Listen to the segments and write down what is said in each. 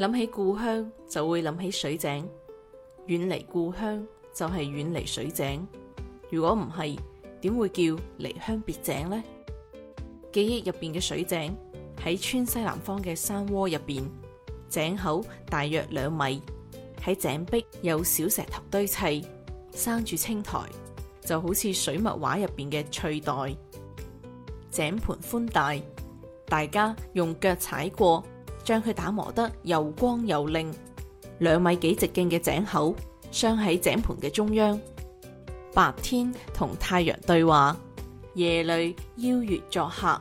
諗起故鄉就會諗起水井，遠離故鄉就係遠離水井。如果唔係，點會叫離鄉別井呢？記憶入邊嘅水井喺村西南方嘅山窩入邊，井口大約兩米，喺井壁有小石頭堆砌，生住青苔，就好似水墨畫入邊嘅翠黛。井盤寬大，大家用腳踩過。將佢打磨得又光又靚，兩米幾直徑嘅井口，鑲喺井盤嘅中央。白天同太陽對話，夜裏邀月作客。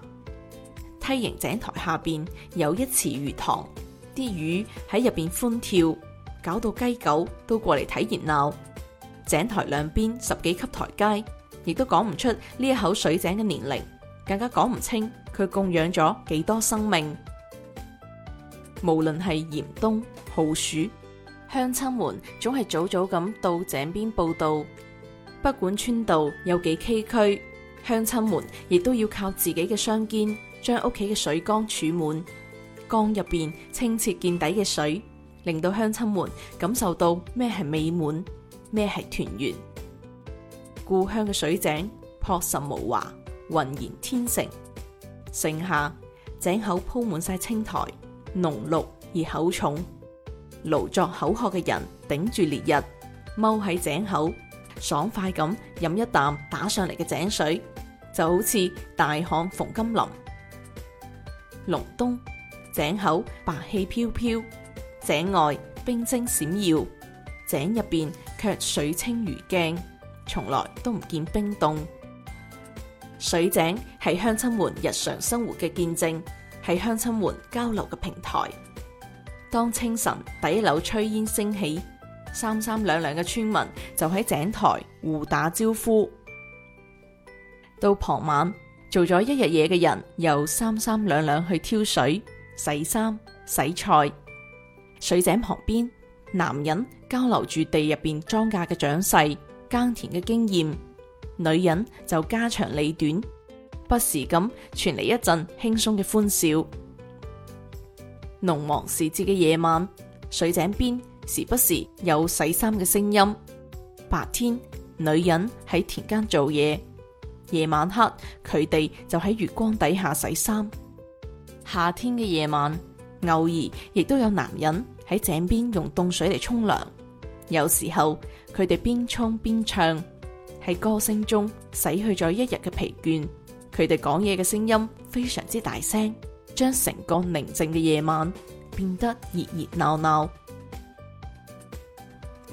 梯形井台下邊有一池魚塘，啲魚喺入邊歡跳，搞到雞狗都過嚟睇熱鬧。井台兩邊十幾級台階，亦都講唔出呢一口水井嘅年齡，更加講唔清佢供養咗幾多生命。無論係嚴冬酷暑，鄉親們總係早早咁到井邊報到。不管村道有幾崎嶇，鄉親們亦都要靠自己嘅雙肩，將屋企嘅水缸儲滿。缸入邊清澈見底嘅水，令到鄉親們感受到咩係美滿，咩係團圓。故鄉嘅水井樸實無華，渾然天成。盛夏，井口鋪滿晒青苔。濃綠而厚重，勞作口渴嘅人頂住烈日，踎喺井口，爽快咁飲一啖打上嚟嘅井水，就好似大旱逢甘霖。隆冬，井口白氣飄飄，井外冰晶閃耀，井入邊卻水清如鏡，從來都唔見冰凍。水井係鄉親們日常生活嘅見證。係鄉親們交流嘅平台。當清晨第一縷炊煙升起，三三兩兩嘅村民就喺井台互打招呼。到傍晚，做咗一日嘢嘅人又三三兩兩去挑水、洗衫、洗菜。水井旁邊，男人交流住地入邊莊稼嘅長勢、耕田嘅經驗，女人就家長裏短。不時咁傳嚟一陣輕鬆嘅歡笑。農忙時節嘅夜晚，水井邊時不時有洗衫嘅聲音。白天，女人喺田間做嘢，夜晚黑佢哋就喺月光底下洗衫。夏天嘅夜晚，偶爾亦都有男人喺井邊用凍水嚟沖涼。有時候佢哋邊沖邊唱，喺歌聲中洗去咗一日嘅疲倦。佢哋講嘢嘅聲音非常之大聲，將成個寧靜嘅夜晚變得熱熱鬧鬧。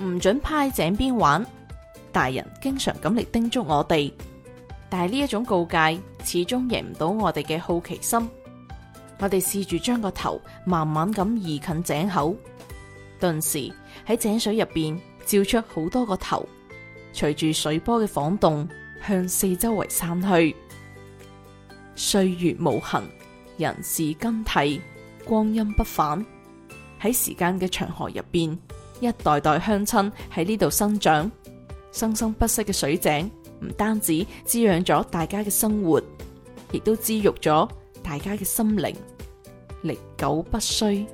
唔準趴井邊玩，大人經常咁嚟叮囑我哋。但係呢一種告誡始終贏唔到我哋嘅好奇心。我哋試住將個頭慢慢咁移近井口，頓時喺井水入邊照出好多個頭，隨住水波嘅晃動向四周圍散去。歲月無痕，人事更替，光陰不返。喺時間嘅長河入邊，一代代鄉親喺呢度生長，生生不息嘅水井唔單止滋養咗大家嘅生活，亦都滋育咗大家嘅心靈，歷久不衰。